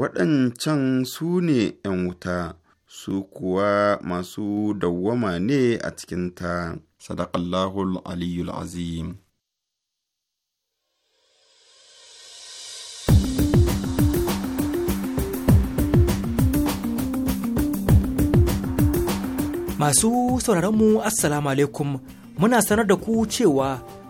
waɗancan su ne ‘yan wuta, su kuwa masu dawwama ne a cikinta. ta, Aliyul Azim. Masu sauraronmu Assalamu alaikum, muna sanar da ku cewa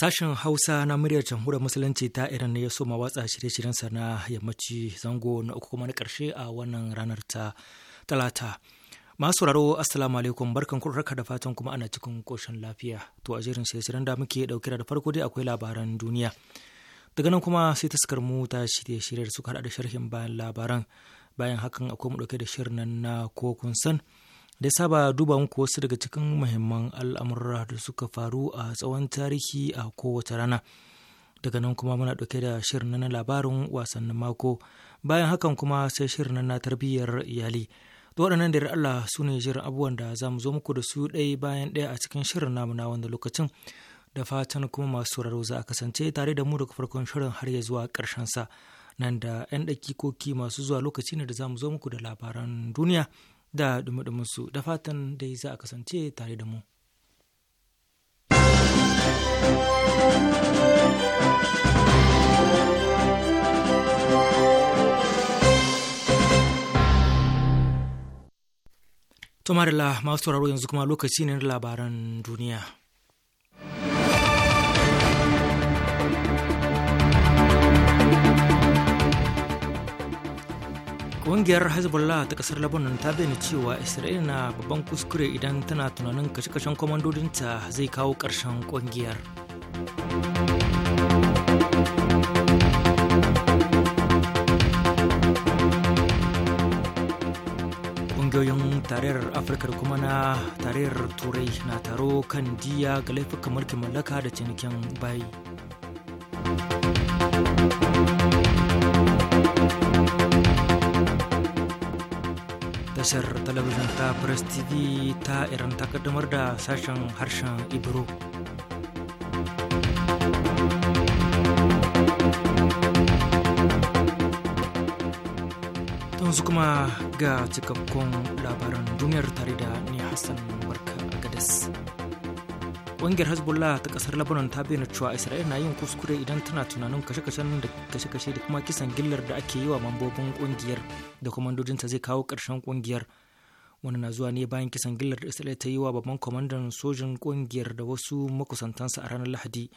Sashen Hausa na muryar jamhuriyar Musulunci ta Iran ne ya soma watsa shirye-shiryensa na yammaci zango na uku kuma na ƙarshe a wannan ranar ta talata. Masu sauraro Assalamu alaikum barkan ku da fatan kuma ana cikin koshin lafiya. To a jerin shirye-shiryen da muke ɗauke da farko dai akwai labaran duniya. Daga nan kuma sai taskar mu ta shirye-shiryen suka haɗa da sharhin bayan labaran. Bayan hakan akwai mu ɗauke da shirin nan na ko kun san. da saba duba muku wasu daga cikin muhimman al'amurra da suka faru a tsawon tarihi a kowace rana daga nan kuma muna dauke da shirin na labarin wasannin mako bayan hakan kuma sai shirin na tarbiyyar iyali to waɗannan da Allah su ne shirin abubuwan da za mu zo muku da su ɗaya bayan ɗaya a cikin shirin namu na wanda lokacin da fatan kuma masu sauraro za a kasance tare da mu daga farkon shirin har ya zuwa ƙarshensa sa nan da 'yan koki masu zuwa lokaci ne da za mu zo muku da labaran duniya da dumudumunsu da fatan dai za a kasance tare da mu. Tumarila masu sauraro yanzu kuma lokaci ne na labaran duniya. Ƙungiyar Hezbollah ta ƙasar Lebanon ta bayyana cewa Isra'ila na babban kuskure idan tana tunanin kashe-kashen kwamandodinta zai kawo ƙarshen ƙungiyar. Ƙungiyoyin tarayyar Afirka da kuma na tarayyar Turai na taro kan diya ga laifuka mulkin mallaka da cinikin bayi. tashar talabijin ta press tv ta iran ta kaddamar da sashen harshen ibro yanzu kuma ga cikakkun labaran duniyar tare da ni hassan ƙungiyar hezbollah ta ƙasar lebanon ta bayyana cewa isra'ila na yin kuskure idan tana tunanin kashe-kashen da kashe-kashe da kuma kisan gillar da ake yi wa mambobin ƙungiyar da kwamandojinta zai kawo ƙarshen ƙungiyar wani na zuwa ne bayan kisan gillar da isra'ila ta yi wa babban kwamandan sojin ƙungiyar da wasu makusantansa a ranar lahadi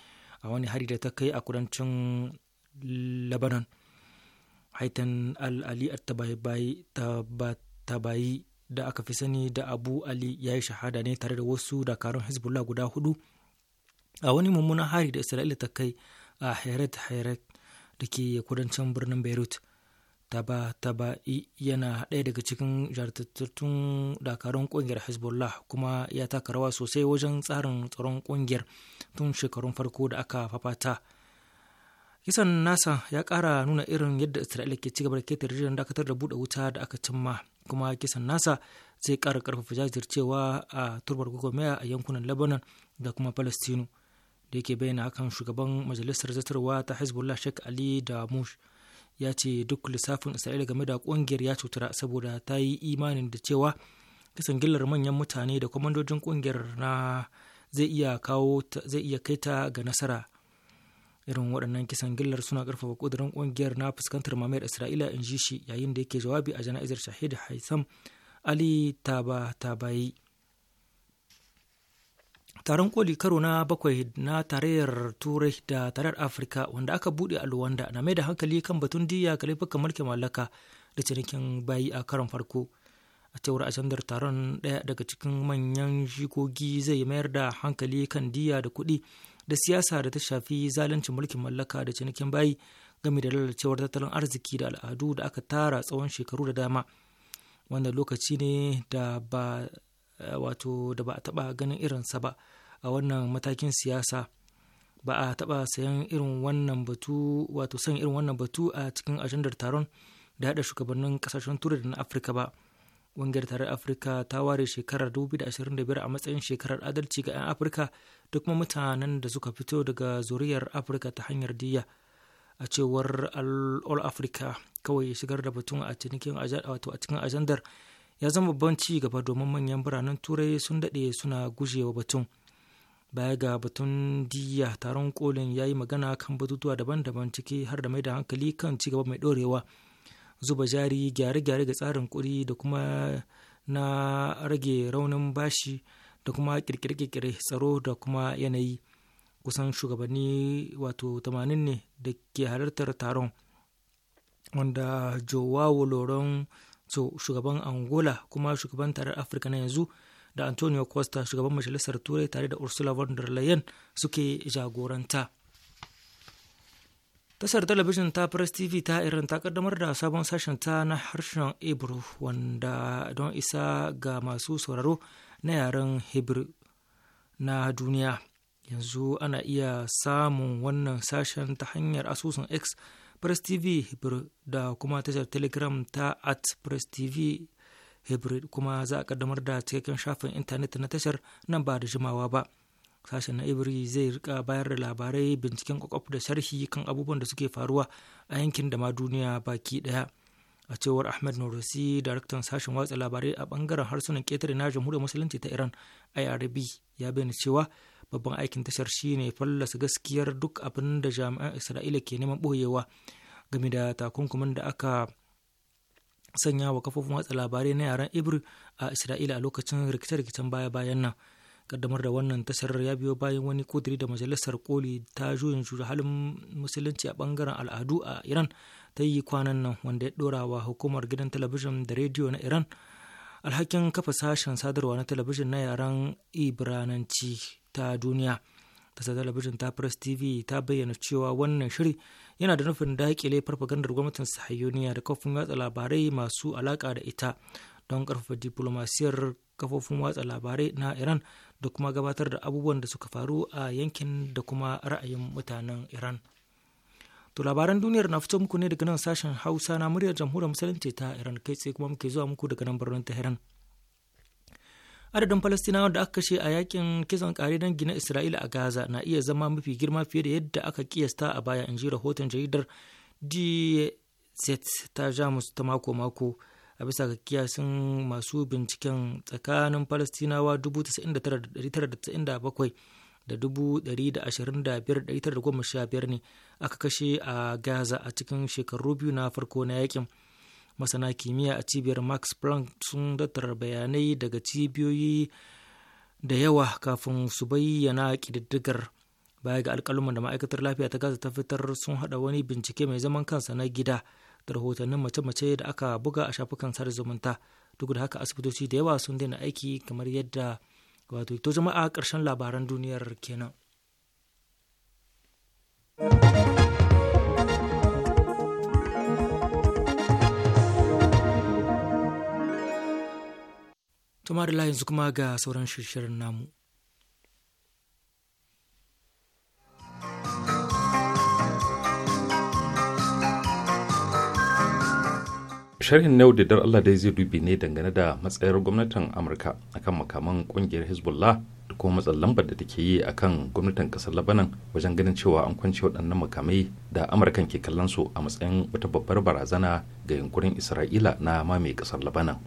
a wani hari da ta kai a kudancin lebanon haitan al-ali tabayi da aka fi sani da abu ali ya yi shahada ne tare da wasu dakarun hezbollah guda hudu a wani mummunan hari da isra'ila ta kai a heret heret da ke kudancin birnin beirut taba taba yana ɗaya daga cikin jartattun dakarun ƙungiyar hezbollah kuma ya taka rawa sosai wajen tsarin tsaron kungiyar tun shekarun farko da aka fafata kisan nasa ya ƙara nuna irin yadda isra'ila ke cigaba da ketare dakatar da buɗe wuta da aka cimma kuma kisan nasa zai kara ƙarfafa jajircewa a turbar gwagwarmaya a yankunan lebanon da kuma palestinu da yake bayyana akan shugaban majalisar zartarwa ta hezbollah sheikh ali da mush ya ce duk lissafin isra'ila game da kungiyar ya cutura saboda ta yi imanin da cewa kisan gillar manyan mutane da kwamandojin kungiyar na zai iya kawo zai iya kai ta ga nasara irin waɗannan kisan gillar suna ƙarfafa ƙudurin ƙungiyar na fuskantar mamayar isra'ila in ji shi yayin da yake jawabi a jana'izar shahid haitham ali taba tabayi taron koli karo na bakwai na tarayyar turai da tarayyar afirka wanda aka buɗe a luwanda na mai da hankali kan batun diya ga laifukan mulkin mallaka da cinikin bayi a karon farko a cewar ajandar taron ɗaya daga cikin manyan jikogi zai mayar da hankali kan diya da kuɗi da siyasa da ta shafi zalunci mulkin mallaka da cinikin bayi game da lalacewar tattalin arziki da al'adu da aka tara tsawon shekaru da dama wannan lokaci ne da ba wato da ba a taba ganin irinsa ba a wannan matakin siyasa ba a taba sayan irin wannan batu wato san irin wannan batu a cikin ajandar taron da haɗa shugabannin kasashen turai da na afirka ba ƙungiyar tarayyar afirka ta ware shekarar 2025 a matsayin shekarar adalci ga 'yan afirka da kuma mutanen da suka fito daga zuriyar afirka ta hanyar diya a cewar all africa kawai shigar da batun a cikin ajandar ya zama babban ci gaba domin manyan biranen turai sun daɗe suna gujewa batun baya ga batun diya taron kolin ya yi magana kan batutuwa daban-daban ciki har da mai da hankali kan ci gaba mai ɗorewa zuba jari gyare-gyare ga tsarin kuɗi da kuma na rage raunin bashi da kuma kirkire-kirkire tsaro da kuma yanayi kusan shugabanni wato 80 ne da ke halartar taron wanda joao loron so shugaban angola kuma shugaban tarar afirka na yanzu da antonio costa shugaban majalisar turai tare da ursula von der leyen suke jagoranta tasar talabijin ta press tv ta irin ta kaddamar da sabon sashen ta na harshen hebrew wanda don isa ga masu sauraro na yaren hebrew na duniya yanzu ana iya samun wannan sashen ta hanyar asusun x press tv hebrew da kuma tashar telegram ta at press tv hebrew kuma za a kaddamar da cikakken shafin intanet na tashar nan ba da jimawa ba sashen na Ibri zai rika bayar da labarai binciken kwakwaf da sharhi kan abubuwan da suke faruwa a yankin da ma duniya baki daya. A cewar Ahmed norosi daraktan sashen watsa labarai a bangaren harsunan ketare na jamhuriyar musulunci ta Iran IRB ya bayyana cewa babban aikin tashar shi ne fallasa gaskiyar duk abin da jami'an Isra'ila ke neman boyewa game da takunkumin da aka sanya wa kafofin watsa labarai na yaren Ibri a Isra'ila a lokacin rikice-rikicen baya-bayan nan. kaddamar da wannan tasar ya biyo bayan wani kudiri da majalisar koli ta juyin juya halin musulunci a bangaren al'adu a iran ta yi kwanan nan wanda ya dora wa hukumar gidan talabijin da rediyo na iran alhakin kafa sashen sadarwa na talabijin na yaren ibrananci ta duniya tasar talabijin ta press tv ta bayyana cewa wannan shiri yana da nufin daƙile farfagandar gwamnatin sahayoniya da kafin watsa labarai masu alaka da ita don karfafa diplomasiyar kafofin watsa labarai na iran da kuma gabatar da abubuwan da suka faru a yankin da kuma ra'ayin mutanen iran to labaran duniyar na fito muku ne daga nan sashen hausa na muryar jamhuriyar musulunci ta iran kai tsaye kuma muke zuwa muku daga nan birnin tehran adadin falastinawa da aka kashe a yakin kisan kare dangi gina isra'ila a gaza na iya zama mafi girma fiye da yadda aka kiyasta a baya in ji rahoton jaridar dz ta jamus ta mako-mako a bisa ga kiyasin masu binciken tsakanin falastinawa 99,997 da 125,915 ne aka kashe a gaza a cikin shekaru biyu na farko na yakin masana kimiyya a cibiyar max planck sun tattara bayanai daga cibiyoyi da yawa kafin su bayyana ƙididdigar baya ga alƙaluman da ma'aikatar lafiya ta gaza ta fitar sun hada wani bincike mai zaman kansa na gida da rahotannin mace-mace da aka buga a shafukan sada zumunta duk da haka asibitoci da yawa sun daina aiki kamar yadda wato to jama'a ƙarshen labaran duniyar kenan. Tumar yanzu kuma ga sauran shirin namu. sharhin na da Allah dai zai dubi ne dangane da matsayar gwamnatin amurka akan makaman kungiyar hezbollah da kuma matsan lambar da take yi akan gwamnatin kasar labanan wajen ganin cewa an kwance waɗannan makamai da amurkan ke kallon su a matsayin wata babbar barazana ga yunkurin isra'ila na mamaye kasar labanan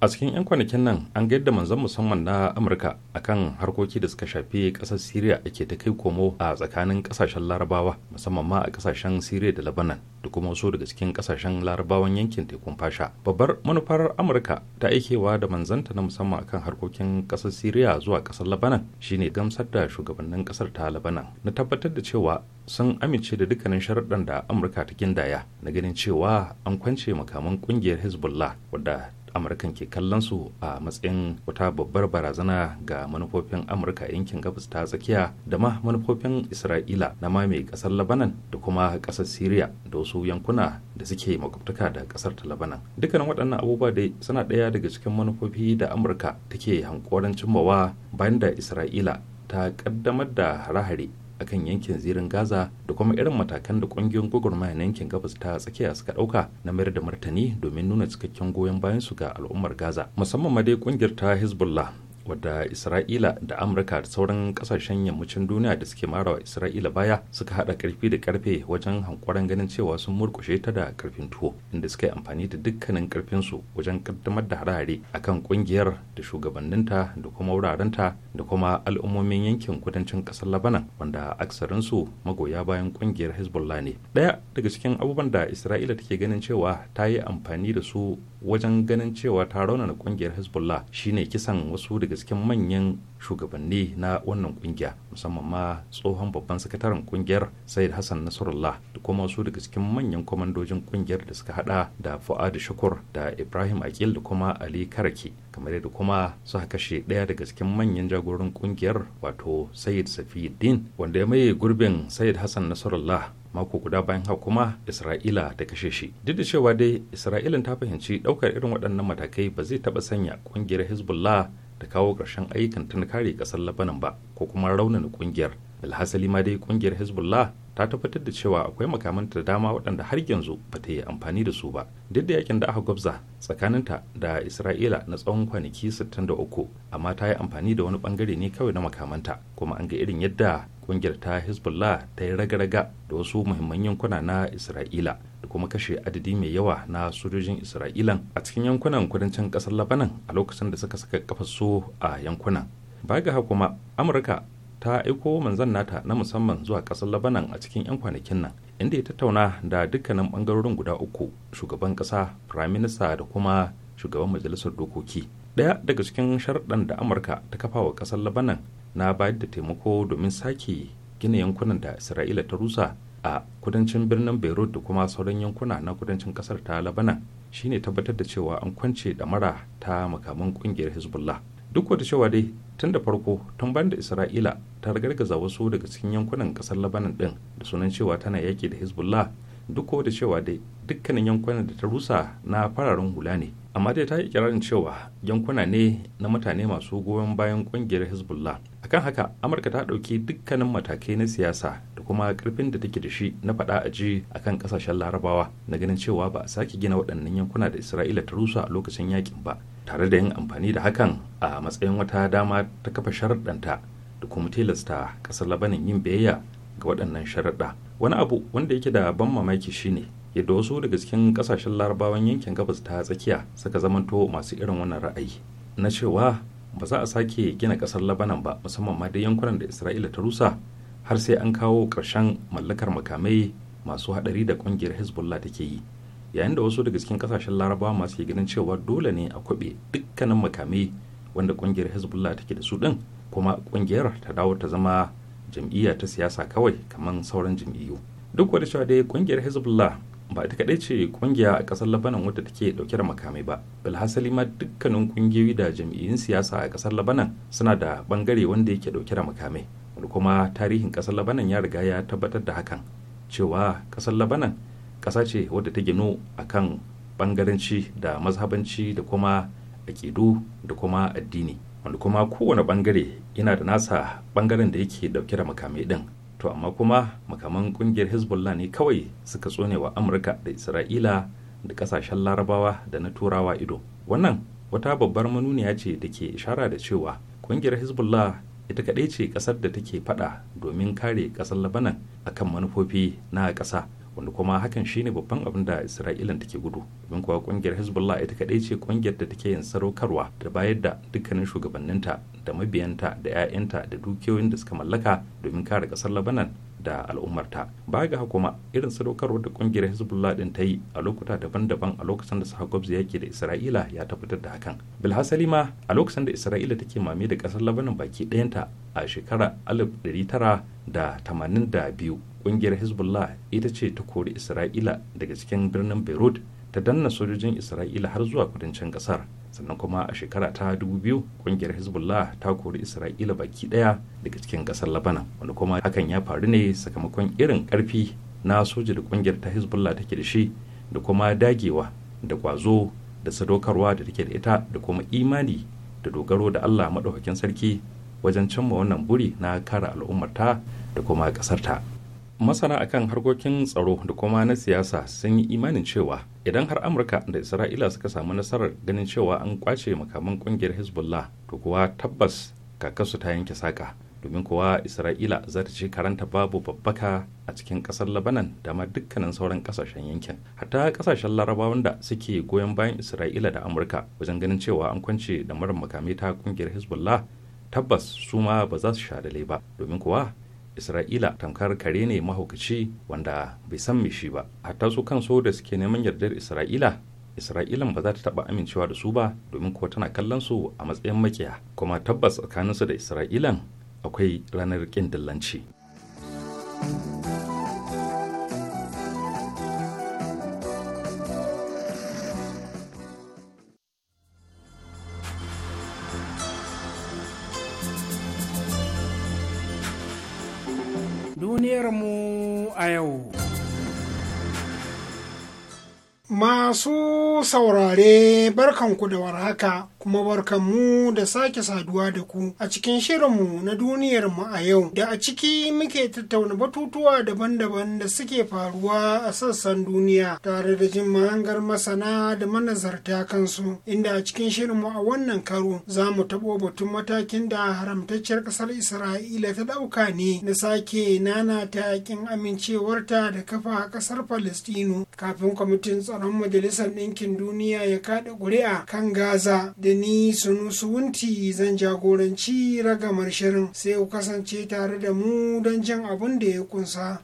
a cikin 'yan kwanakin nan an gaida manzan musamman na amurka akan harkoki da suka shafi kasar syria ake ta kai komo a tsakanin kasashen larabawa musamman ma a kasashen syria da labanan da kuma wasu daga cikin kasashen larabawan yankin tekun fasha babbar manufar amurka ta aikewa da manzanta na musamman akan harkokin kasar syria zuwa kasar labanan shine gamsar da shugabannin kasar ta labanan na tabbatar da cewa sun amince da dukkanin sharaɗan da amurka ta gindaya na ganin cewa an kwance makaman kungiyar hezbollah wadda amurkan ke kallon su a matsayin wata babbar barazana ga manufofin amurka yankin gabas ta tsakiya da ma manufofin isra'ila na mame kasar labanan da kuma kasar syria da wasu yankuna da suke makwabtaka da kasar ta labanan dukkanin waɗannan abubuwa dai suna ɗaya daga cikin manufofi da amurka take hankoran cimmawa bayan da isra'ila ta ƙaddamar da hare-hare akan yankin zirin gaza da kuma irin matakan da kungiyoyin gwagwarmaya na yankin gabas ta tsakiya suka dauka na mayar da martani domin nuna cikakken goyon bayan su ga al'ummar gaza musamman ma dai kungiyar ta hezbollah wadda isra'ila da amurka da sauran kasashen yammacin duniya da suke mara wa isra'ila baya suka hada karfi da karfe wajen hankwaran ganin cewa sun murkushe ta da karfin tuwo inda suka yi amfani da dukkanin karfinsu wajen kaddamar da harare akan kungiyar da shugabanninta da kuma wurarenta da kuma al'ummomin yankin kudancin kasar labanan wanda aksarinsu magoya bayan kungiyar hezbollah ne daya daga cikin abubuwan da isra'ila take ganin cewa ta yi amfani da su wajen ganin cewa ta raunana kungiyar hezbollah shine kisan wasu daga cikin manyan shugabanni na wannan kungiya musamman ma tsohon babban sakataren kungiyar sayid hassan nasrullah da kuma wasu daga cikin manyan kwamandojin kungiyar da suka hada da fuad shukur da ibrahim akil da kuma ali karaki kamar yadda kuma suka kashe daya daga cikin manyan jagororin kungiyar wato said safiuddin wanda ya maye gurbin said hassan nasrullah mako guda bayan haka kuma isra'ila ta kashe shi duk da cewa dai isra'ilan ta fahimci daukar irin waɗannan matakai ba zai taɓa sanya kungiyar hezbollah da kawo ƙarshen ayyukan ta na kare ƙasar labanan ba ko kuma raunana ƙungiyar alhasali ma dai ƙungiyar hezbollah ta tabbatar da cewa akwai makamanta da dama waɗanda har yanzu ba ta yi amfani da su ba duk da yakin da aka gwabza tsakaninta da isra'ila na tsawon kwanaki 63 amma ta yi amfani da wani bangare ne kawai na makamanta kuma an ga irin yadda kungiyar ta hezbollah ta yi raga-raga da wasu muhimman yankuna na isra'ila da kuma kashe adadi mai yawa na sojojin isra'ilan a cikin yankunan kudancin kasar labanan a lokacin da suka saka kafa su a yankunan ga baga kuma amurka ta aiko manzan nata na musamman zuwa ƙasar labanan a cikin 'yan kwanakin nan inda ya tattauna da dukkanin ɓangarorin guda uku shugaban ƙasa firaminista da kuma shugaban majalisar dokoki ɗaya daga cikin sharɗan da amurka ta kafa wa ƙasar labanan na bayar da taimako domin sake gina yankunan da isra'ila ta rusa a kudancin birnin beirut da kuma sauran yankuna na kudancin ƙasar ta labanan shine tabbatar da cewa an kwance da mara ta makaman ƙungiyar hezbollah duk wata cewa dai tun da farko tun bayan da isra'ila ta ragargaza wasu daga cikin yankunan kasar labanan din da sunan cewa tana yaki da hezbollah duk da cewa dai dukkanin yankunan da ta rusa na fararen hula ne amma dai ta yi kirarin cewa yankuna ne na mutane masu goyon bayan kungiyar hezbollah akan haka amurka ta ɗauki dukkanin matakai na siyasa da kuma karfin da take da shi na faɗa a ji a kan ƙasashen larabawa na ganin cewa ba a sake gina waɗannan yankuna da isra'ila ta rusa a lokacin yakin ba tare da yin amfani da hakan a matsayin wata dama ta kafa sharaɗanta da kuma tilasta ƙasar labanin yin biyayya ga waɗannan sharaɗa wani abu wanda yake da ban mamaki shine yadda wasu daga cikin ƙasashen larabawan yankin gabas ta tsakiya suka zamanto masu irin wannan ra'ayi na cewa ba za a sake gina ƙasar labanan ba musamman ma da yankunan da isra'ila ta rusa har sai an kawo ƙarshen mallakar makamai masu haɗari da ƙungiyar hezbollah take yi yayin da wasu daga cikin kasashen larabawa masu ke ganin cewa dole ne a kwabe dukkanin makamai wanda kungiyar hezbollah take da su din kuma kungiyar ta dawo ta zama jam'iyya ta siyasa kawai kamar sauran jam'iyyu duk wani cewa dai kungiyar hezbollah ba ita kadai ce kungiya a kasar labanan wadda take dauke da makamai ba bilhassali ma dukkanin kungiyoyi da jam'iyyun siyasa a kasar labanan suna da bangare wanda yake dauke da makamai wani kuma tarihin ƙasar labanan ya riga ya tabbatar da hakan cewa kasar labanan ƙasa ce wadda ta a kan bangaranci da mazhabanci da kuma aƙidu da kuma addini wanda kuma kowane bangare yana da nasa bangaren da yake ɗauke da makamai ɗin, to amma kuma makaman ƙungiyar hezbollah ne kawai suka tsone wa amurka da isra'ila da ƙasashen larabawa da na turawa ido wannan wata babbar manuniya ce da ke ishara da cewa ƙungiyar hezbollah ita kaɗai ce ƙasar da take faɗa domin kare ƙasar labanan akan manufofi na ƙasa wanda kuma hakan shine babban abin da isra'ila take gudu domin kuwa kungiyar hezbollah ita kadai ce kungiyar da take yin sadaukarwa da bayar da dukkanin shugabanninta da mabiyanta da 'ya'yanta da dukiyoyin da suka mallaka domin kare kasar labanan da al'ummarta ba ga kuma irin sadaukarwar da kungiyar hezbollah din ta yi a lokuta daban-daban a lokacin da sahagobs yaki da isra'ila ya tabbatar da hakan bilhassali ma a lokacin da isra'ila take mame da kasar labanin baki ɗayanta a shekara 1982 kungiyar hezbollah ita ce ta kori isra'ila daga cikin birnin beirut ta danna sojojin isra'ila har zuwa kudancin kasar sannan kuma a shekara ta dubu biyu kungiyar hezbollah ta kori isra'ila baki daya daga cikin kasar labanan wanda kuma hakan ya faru ne sakamakon irin karfi na soja da kungiyar ta hezbollah take da shi da kuma dagewa da kwazo da sadaukarwa da take da ita da kuma imani da dogaro da allah maɗaukakin sarki wajen cimma wannan buri na kare al'ummarta da kuma ƙasarta. masana akan harkokin tsaro da kuma na siyasa sun yi imanin cewa idan har amurka da isra'ila suka samu nasarar ganin cewa an kwace makaman kungiyar hezbollah to kuwa tabbas kakasu ta yanke saka domin kuwa isra'ila za ta ci karanta babu babbaka a cikin kasar labanan da ma dukkanin sauran kasashen yankin hatta kasashen larabawan da suke goyon bayan isra'ila da amurka wajen ganin cewa an kwance da marar makamai ta kungiyar hezbollah tabbas su ma ba za su sha ba domin kuwa isra'ila tamkar kare ne mahaukaci wanda bai san me shi ba hatta su so da suke neman yardar isra'ila isra'ilan ba za ta taba amincewa da su ba domin kuwa tana kallon su a matsayin makiya kuma tabbas tsakaninsu da isra'ilan akwai ranar ƙin dillanci. Israel. Masu saurare barkanku da warhaka kuma barkanmu da sake saduwa da ku a cikin shirinmu na duniyar mu a yau da a ciki muke tattauna batutuwa daban-daban da suke faruwa a sassan duniya tare da jin mahangar masana da manazarta kansu inda a cikin shirinmu a wannan karo za mu taɓo batun matakin da haramtacciyar ƙasar Isra'ila ta ɗauka ne na sake nana ta amincewarta da kafa ƙasar kafin kwamitin tsaron an majalisar ɗinkin duniya ya kaɗa ƙuri'a kan gaza da ni sunu wunti zan jagoranci ragamar shirin sai ku kasance tare da mu don jan abin da ya kunsa.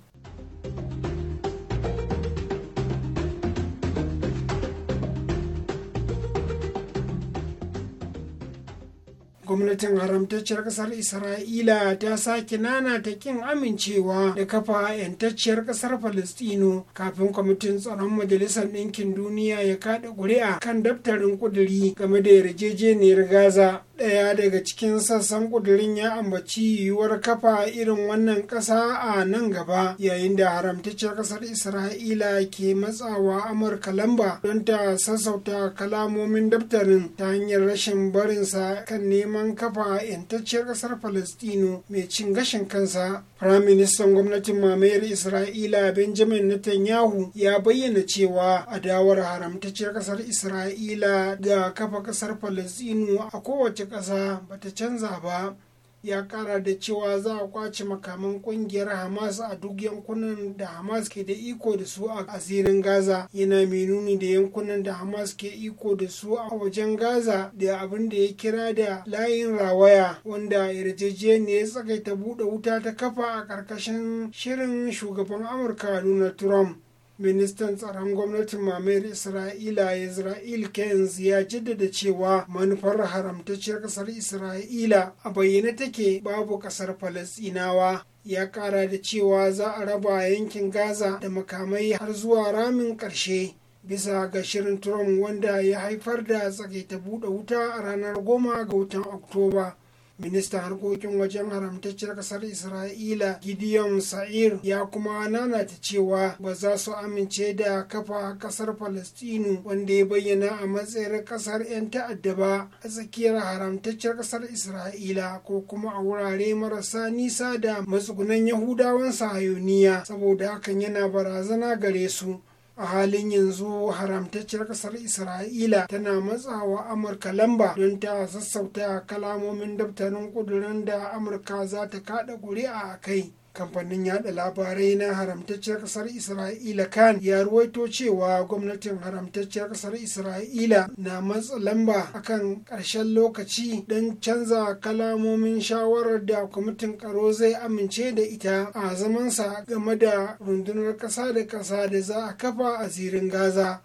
gwamnatin haramtacciyar ƙasar isra'ila ta sake nana ta kin amincewa da kafa yantacciyar ƙasar falistino kafin kwamitin tsaron majalisar ɗinkin duniya ya kaɗa ƙuri'a kan daftarin ƙuduri game da yarjejeniyar gaza ɗaya daga cikin sassan ƙudurin ya ambaci yiwuwar kafa irin wannan ƙasa a nan gaba yayin da haramtacciyar ƙasar isra'ila ke matsawa amurka lamba don ta sassauta kalamomin daftarin ta hanyar rashin barinsa kan neman kafa yantacciyar ƙasar falastino mai cin gashin kansa firaministan gwamnatin mamayar isra'ila benjamin netanyahu ya bayyana cewa adawar haramtacciyar ƙasar isra'ila ga kafa ƙasar falastino a kowace kowace ƙasa ba ta canza ba ya kara da cewa za a kwace makaman ƙungiyar hamas a duk yankunan da hamas ke da iko da su a asirin gaza yana mai nuni da yankunan da hamas ke iko da su a wajen gaza da abin da ya kira da layin rawaya wanda yarjejeniyar tsakaita buɗe wuta ta kafa a ƙarƙashin shirin shugaban amurka donald trump ministan tsaron gwamnatin mamayar isra'ila israel kenz ya jaddada cewa manufar haramtacciyar ƙasar isra'ila a bayyane take babu ƙasar falasinawa ya ƙara da cewa za a raba yankin gaza da makamai har zuwa ramin ƙarshe bisa ga shirin trump wanda ya haifar da tsakaita buɗe wuta a ranar goma ga watan oktoba ministan harkokin wajen haramtacciyar ƙasar isra'ila gideon sa'ir ya kuma nanata cewa ba za su amince da kafa ƙasar falastinu wanda ya bayyana a matsayin ƙasar 'yan ta'adda ba a tsakiyar haramtacciyar ƙasar isra'ila ko kuma a wurare marasa nisa da matsugunan yahudawan sahayoniya saboda hakan yana barazana gare su a halin yanzu haramtacciyar kasar isra'ila tana matsawa amurka lamba don ta sassauta kalamomin daftarin kudurin da amurka za ta kaɗa kuri'a a kai kamfanin yada labarai na haramtacciyar kasar isra'ila kan ya ruwaito cewa gwamnatin haramtacciyar kasar isra'ila na matsa lamba akan ƙarshen lokaci don canza kalamomin shawarar da kwamitin karo zai amince da ita a zamansa game da rundunar ƙasa da ƙasa da za a kafa a zirin gaza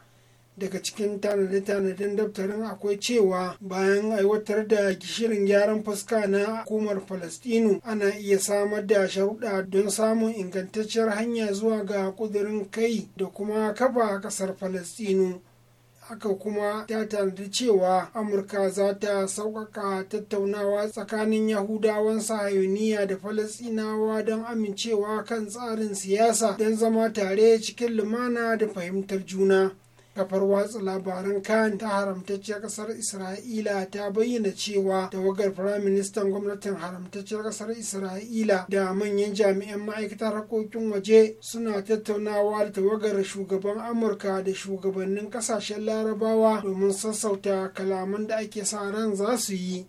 daga cikin tanade-tanaden daftarin akwai cewa bayan aiwatar da gishirin gyaran fuska na hukumar falastinu ana iya samar da sharuɗa don samun ingantacciyar hanya zuwa ga ƙudurin kai da kuma kafa ƙasar falastinu haka kuma ta tanadi cewa amurka za ta sauƙaƙa tattaunawa tsakanin yahudawan sahayoniya da falasinawa don amincewa kan tsarin siyasa don zama tare cikin lumana da fahimtar juna kafar watsa labaran kan ta haramtacciyar kasar isra'ila ta bayyana cewa tawagar firaministan gwamnatin haramtacciyar kasar isra'ila da manyan jami'an ma'aikatar harkokin waje suna tattaunawa da tawagar shugaban amurka da shugabannin kasashen larabawa domin sassauta kalaman da ake sa ran za su yi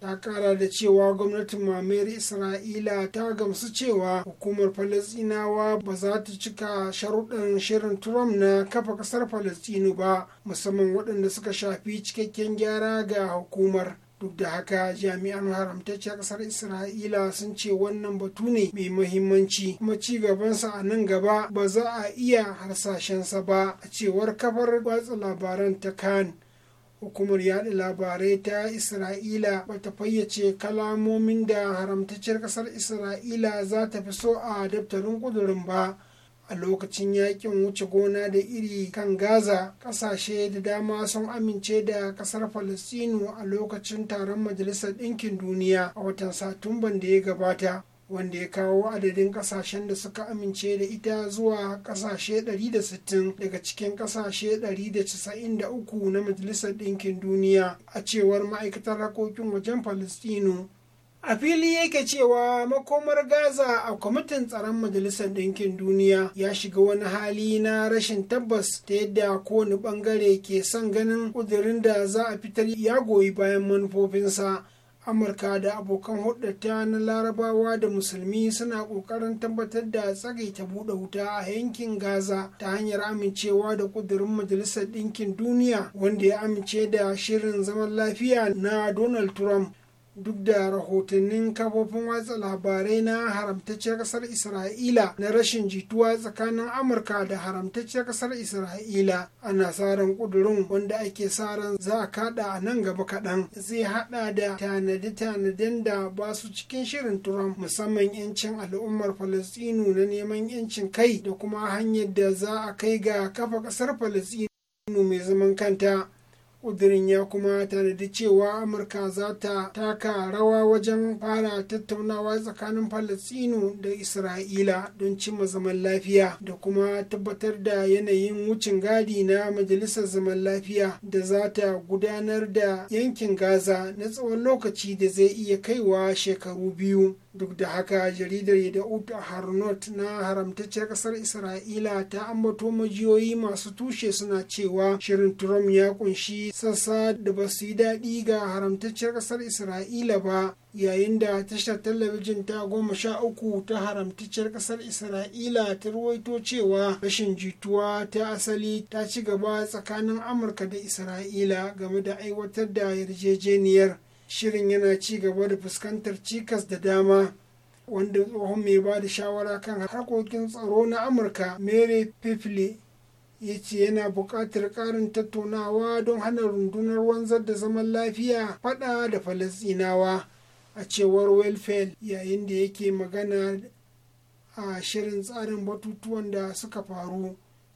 ta kara da cewa gwamnatin mamayar isra'ila ta gamsu cewa hukumar falasinawa ba za ta cika sharuɗan shirin trump na kafa ƙasar falasinu ba musamman waɗanda suka shafi cikakken gyara ga hukumar duk da haka jami'an haramtacciyar ƙasar isra'ila sun ce wannan batu ne mai muhimmanci kuma ci gabansa a nan gaba ba za a iya harsashensa ba a cewar kafar watsa labaran ta kan hukumar yada labarai ta isra'ila bata fayyace kalamomin da haramtacciyar kasar isra'ila za ta fi so a daftarin kudurin ba a lokacin yakin wuce gona da iri kan gaza kasashe da dama sun amince da kasar falastinu a lokacin taron majalisar ɗinkin duniya a watan satumban da ya gabata wanda ya kawo adadin kasashen da suka amince da ita zuwa kasashe 160 daga cikin kasashe 193 na majalisar ɗinkin duniya a cewar ma'aikatar harkokin wajen palestino a fili yake cewa makomar gaza a kwamitin tsaron majalisar ɗinkin duniya ya shiga wani hali na rashin tabbas ta yadda kowane ɓangare ke son ganin ƙudurin da za a fitar ya goyi bayan manufofinsa amurka da abokan hudata na larabawa da musulmi suna kokarin tabbatar da tsagaita buɗe wuta a yankin gaza ta hanyar amincewa da kudurin majalisar ɗinkin duniya wanda ya amince da shirin zaman lafiya na donald trump duk da rahotannin kafofin watsa labarai na haramtacciyar ƙasar isra'ila na rashin jituwa tsakanin amurka da haramtacciyar ƙasar isra'ila ana tsarin kudurin wanda ake ran za a kada a nan gaba kaɗan zai haɗa da tanade tanadin da ba su cikin shirin trump musamman yancin al'ummar falastinu na neman yancin kai da kuma hanyar da za a kai ga kafa ƙasar falastinu mai zaman kanta ƙudirin ya kuma tanadi cewa amurka za ta taka rawa wajen fara tattaunawa tsakanin Falasinu da isra'ila don cimma zaman lafiya da kuma tabbatar da yanayin wucin gadi na majalisar zaman lafiya da za ta gudanar da yankin gaza na tsawon lokaci da zai iya kaiwa shekaru biyu duk da haka jaridar uta harnot na haramtacciyar kasar isra'ila ta ambato majiyoyi masu tushe suna cewa shirin trump ya kunshi sassa da ba su yi daɗi ga haramtacciyar kasar isra'ila ba yayin da tashar talabijin ta goma sha uku ta haramtacciyar kasar isra'ila ta ruwaito cewa rashin jituwa ta asali ta ci gaba tsakanin amurka da isra'ila game da aiwatar da yarjejeniyar shirin yana ci gaba da fuskantar cikas da dama wanda tsohon mai ba da shawara kan harkokin tsaro na amurka mary pifle ya ce yana buƙatar ƙarin tattaunawa don hana rundunar wanzar da zaman lafiya faɗa da falasɗinawa a cewar welfare yayin da yake magana a shirin tsarin batutuwan da suka faru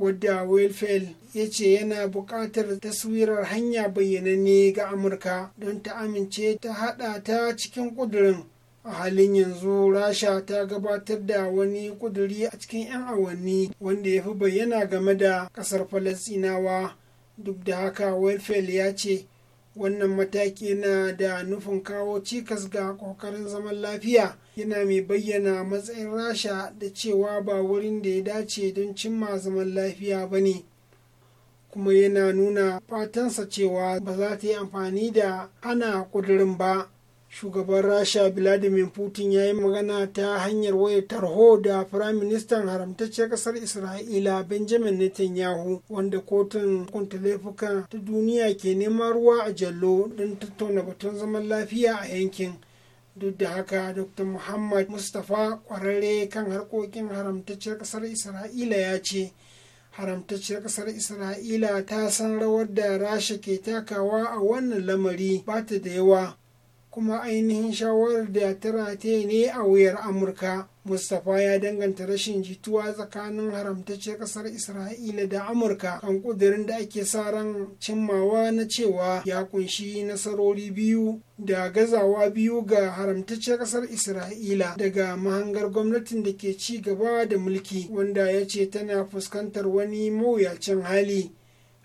wadda welfel ya ce yana buƙatar taswirar hanya bayyananne ga amurka don ta amince ta haɗa ta cikin ƙudurin a halin yanzu rasha ta gabatar da wani ƙuduri a cikin 'yan awanni wanda ya fi bayyana game da ƙasar falasinawa duk da haka welfel ya ce wannan mataki yana da nufin kawo cikas ga kokarin zaman lafiya yana mai bayyana matsayin rasha da cewa ba wurin da ya dace don cimma zaman lafiya ba ne kuma yana nuna fatansa cewa ba za ta yi amfani da hana kudurin ba shugaban rasha vladimir putin ya yi magana ta hanyar wayar tarho da firayim ministan haramtacciyar kasar isra'ila benjamin netanyahu wanda kotun hukunta laifuka ta duniya ke neman ruwa a jallo don tattauna batun zaman lafiya a yankin duk da haka dr muhammad mustapha kwararre kan harkokin haramtacciyar kasar isra'ila ya ce haramtacciyar kasar isra'ila ta san rawar da rasha ke takawa a wannan lamari ba ta da yawa kuma ainihin shawarar da ta rataye ne a wuyar amurka mustapha ya danganta rashin jituwa tsakanin haramtacciyar kasar isra'ila da amurka kan kudirin da ake sa ran cimmawa na cewa ya kunshi nasarori biyu da gazawa biyu ga haramtacciyar kasar isra'ila daga mahangar gwamnatin da ke ci gaba da mulki wanda ya ce tana fuskantar wani mawuyacin hali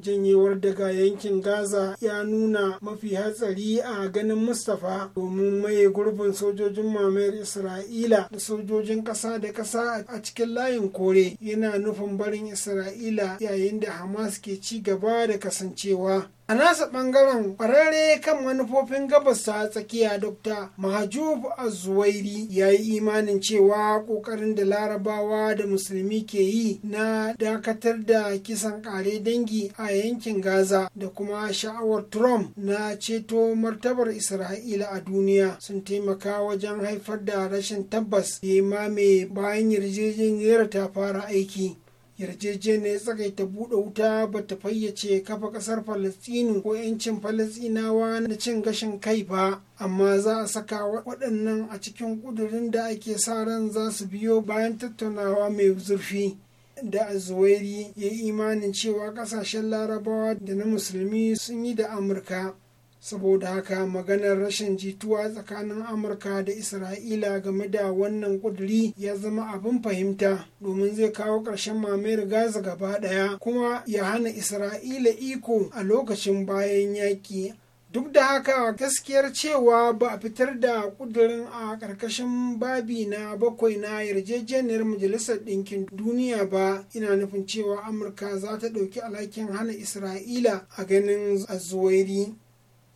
janyewar daga yankin gaza ya nuna mafi hatsari a ganin mustapha domin maye gurbin sojojin mamayar isra'ila da sojojin kasa da kasa a cikin layin kore yana nufin barin isra'ila yayin da hamas ke ci gaba da kasancewa a nasa bangaren kwararre kan manufofin gabas ta tsakiya dr mahajub azuwairi ya yi imanin cewa kokarin da larabawa da musulmi ke yi na dakatar da kisan kare dangi a yankin gaza da kuma sha'awar trump na ceto martabar isra'ila a duniya sun taimaka wajen haifar da rashin tabbas ya mame bayan yarjejeniyar ta fara aiki Yarjejeniya yarjejeniyar ta buɗe wuta ba ta fayyace kafa ƙasar falastinu ko 'yancin falastinawa na cin gashin kai ba amma za a saka waɗannan a cikin ƙudurin da ake sa ran za su biyo bayan tattaunawa mai zurfi da azuwairi ya yi imanin cewa ƙasashen larabawa da na musulmi sun yi da amurka saboda haka maganar rashin jituwa tsakanin amurka da isra'ila game da wannan kuduri ya zama abin fahimta domin zai kawo ƙarshen mamayar gaza gaba ɗaya kuma ya hana isra'ila iko a lokacin bayan yaƙi duk da haka gaskiyar cewa ba a fitar da kudurin a ƙarƙashin babi na bakwai na yarjejeniyar majalisar ɗinkin duniya ba ina nufin cewa amurka za ta ɗauki alhakin hana isra'ila a ganin azuwairi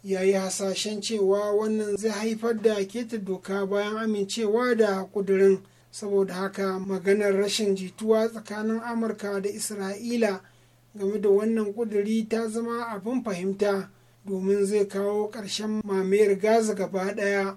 ya yi hasashen cewa wannan zai haifar da keta doka bayan amincewa da kudirin saboda haka maganar rashin jituwa tsakanin amurka da isra'ila game da wannan kuduri ta zama abin fahimta domin zai kawo ƙarshen mamayar gaza gaba ɗaya.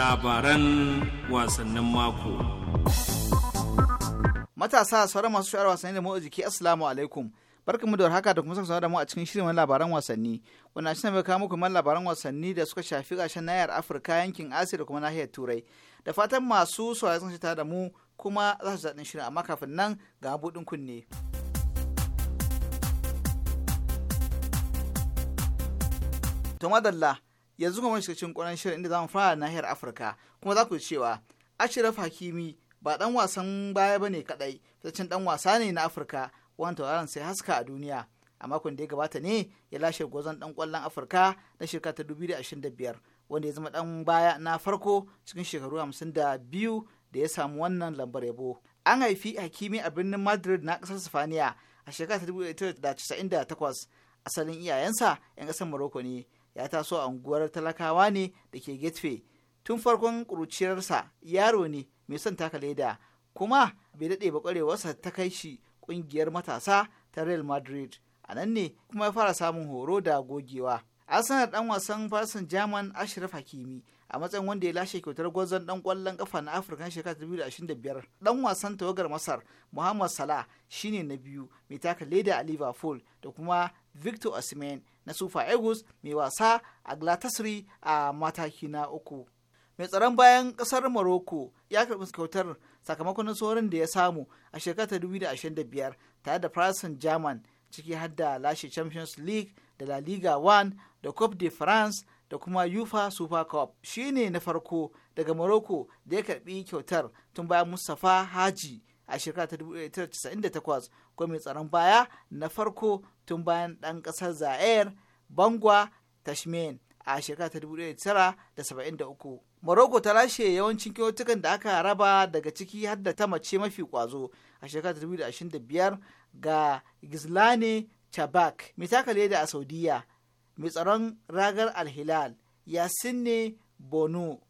labaran wasannin mako. Matasa sauran masu shawarar wasanni da motsa jiki Assalamu alaikum. mu da warhaka da kuma saka da mu a cikin shirin labaran wasanni. Wannan shi mai kawo muku man labaran wasanni da suka shafi kashen nayar Afirka yankin Asiya da kuma nahiyar Turai. Da fatan masu saurari sun da mu kuma za su zaɗin shirin amma kafin nan ga buɗin kunne. To madalla yanzu kuma shiga cikin ƙwarar shirin inda zamu fara nahiyar afirka kuma za ku cewa ashraf hakimi ba dan wasan baya bane kaɗai kadai fitaccen dan wasa ne na afirka wani tauraron sai haska a duniya a makon da ya gabata ne ya lashe gwazon dan kwallon afirka na shirka ta 2025 wanda ya zama dan baya na farko cikin shekaru 52 da ya samu wannan lambar yabo an haifi hakimi a birnin madrid na kasar sifaniya a shekara ta 1998 asalin iyayensa 'yan kasar morocco ne ya taso a unguwar talakawa ne da ke getfe tun farkon ƙuruciyarsa yaro ne mai son taka leda kuma bai daɗe ba ƙwarewarsa ta kai shi ƙungiyar matasa ta real madrid a nan ne kuma ya fara samun horo da gogewa arsenal dan wasan farsan german ashraf hakimi a matsayin wanda ya lashe kyautar gwazon dan kwallon kafa na afirka na shekara 2025 dan wasan tawagar masar muhammad salah shine na biyu mai taka leda a liverpool da kuma victor osimhen na super eagles mai wasa a glatasri a mataki na uku mai tsaron bayan kasar morocco ya karɓi kyautar sakamakon nasarorin da ya samu a shekarar 2025 tare da farashin german ciki har da lashe champions league da la liga 1 da coupe de france da kuma ufa super cup shine na farko daga morocco da ya karɓi kyautar tun bayan mustapha haji a shekara ta 1998 eh, ko tsaron baya na farko tun bayan ɗan ƙasar zaire bangwa tashmen a shekara ta 1973 Morocco ta lashe yawancin kyautukan da aka raba daga ciki har da ta mace mafi kwazo a shekara 2025 ga Gizlane Chabak, mai takale da a Saudiya, mai tsaron ragar alhilal ya sinne Bono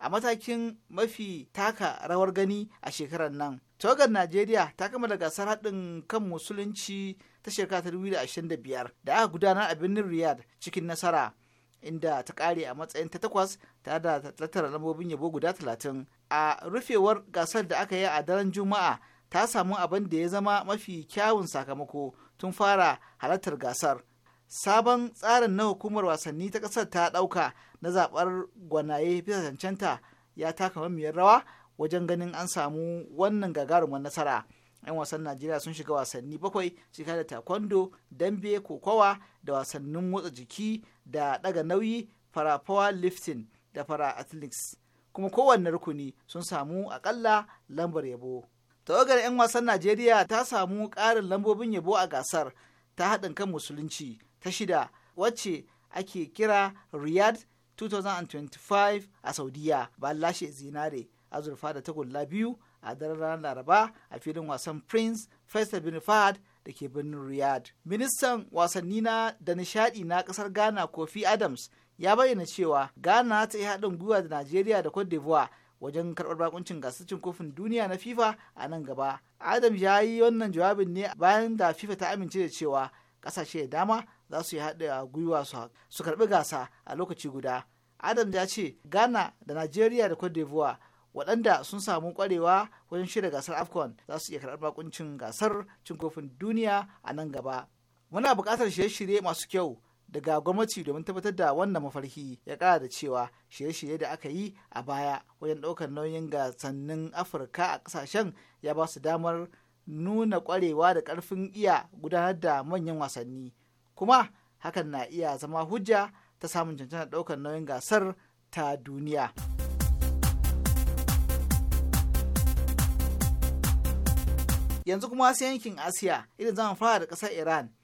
a matakin mafi taka rawar gani a shekarar nan. Togar Najeriya ta kama da gasar haɗin kan musulunci ta shekara 2025 da aka gudanar a birnin Riyadh cikin nasara inda ta kare a matsayin ta takwas tare da tattara lambobin yabo guda talatin. A rufewar gasar da aka yi a daren Juma'a ta samu abin da ya zama mafi kyawun sakamako tun fara halartar gasar sabon tsarin na hukumar wasanni ta ƙasar ta ɗauka na zaɓar gwanaye bisa cancanta ya taka mamiyar rawa wajen ganin an samu wannan gagarumar nasara. 'yan wasan najeriya sun shiga wasanni bakwai cika da taekwondo dambe kokowa da wasannin motsa jiki da ɗaga nauyi fara power lifting da fara athletics kuma kowanne rukuni sun samu aƙalla lambar yabo tawagar 'yan wasan najeriya ta samu ƙarin lambobin yabo a gasar ta haɗin kan musulunci ta shida wacce ake kira Riyadh 2025 a Saudiya ba lashe zinare azurfa da tagulla biyu a daren ranar Laraba a filin wasan Prince Faisal bin Fahad da ke birnin Riyadh. Ministan wasanni na da nishadi na kasar Ghana Kofi Adams ya bayyana cewa Ghana ta yi haɗin gwiwa da Najeriya da Cote d'Ivoire wajen karɓar bakuncin gasar cin kofin duniya na FIFA a nan gaba. Adams ya yi wannan jawabin ne bayan da FIFA ta amince da cewa ƙasashe da dama za su yi haɗe a gwiwa su karɓi gasa a lokaci guda adam ya ce ghana da Najeriya da cote d'ivoire waɗanda sun samu ƙwarewa wajen shirya gasar afcon za su iya karɓar bakuncin gasar cin kofin duniya a nan gaba muna buƙatar shirye-shirye masu kyau daga gwamnati domin tabbatar da wannan mafarki ya ƙara da cewa shirye-shirye da aka yi a baya wajen ɗaukar nauyin gasannin afirka a ƙasashen ya ba su damar nuna ƙwarewa da ƙarfin iya gudanar da manyan wasanni kuma hakan na iya zama hujja ta samun cancantar ɗaukar nauyin gasar ta duniya. Yanzu kuma wasu yankin Asiya, idan zan fara da ƙasar Iran.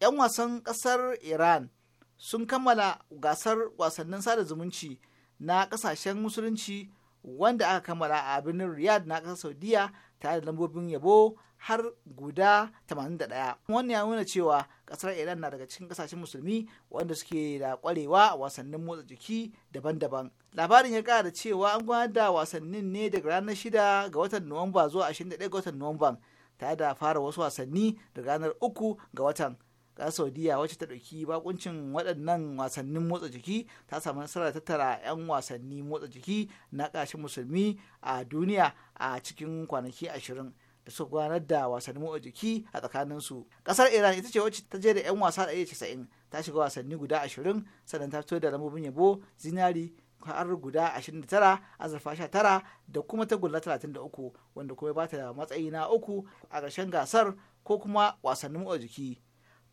'Yan wasan ƙasar Iran sun kammala gasar wasannin sada zumunci na ƙasashen musulunci wanda aka kammala a birnin Riyadh na ƙasar Saudiya tare da lambobin yabo har guda 81 wannan ya nuna cewa kasar iran na daga cikin kasashen musulmi wanda suke da kwarewa a wasannin motsa jiki daban-daban labarin ya kara da cewa an gudanar da wasannin ne daga ranar 6 ga watan nuwamba zuwa 21 ga watan nuwamban tare da fara wasu wasanni daga ranar uku ga watan ga saudiya wacce ta ɗauki bakuncin waɗannan wasannin motsa jiki ta samu nasarar tattara 'yan wasanni motsa jiki na ƙashin musulmi a duniya a cikin kwanaki ashirin da suka gudanar da wasannin motsa jiki a tsakaninsu ƙasar iran ita ce wacce ta je da 'yan wasa da iya casa'in ta shiga wasanni guda ashirin sannan ta fito da lambobin yabo zinari har guda 29 azurfa 19 da kuma ta tagulla 33 wanda kuma ba ta matsayi na uku a ƙarshen gasar ko kuma wasannin motsa jiki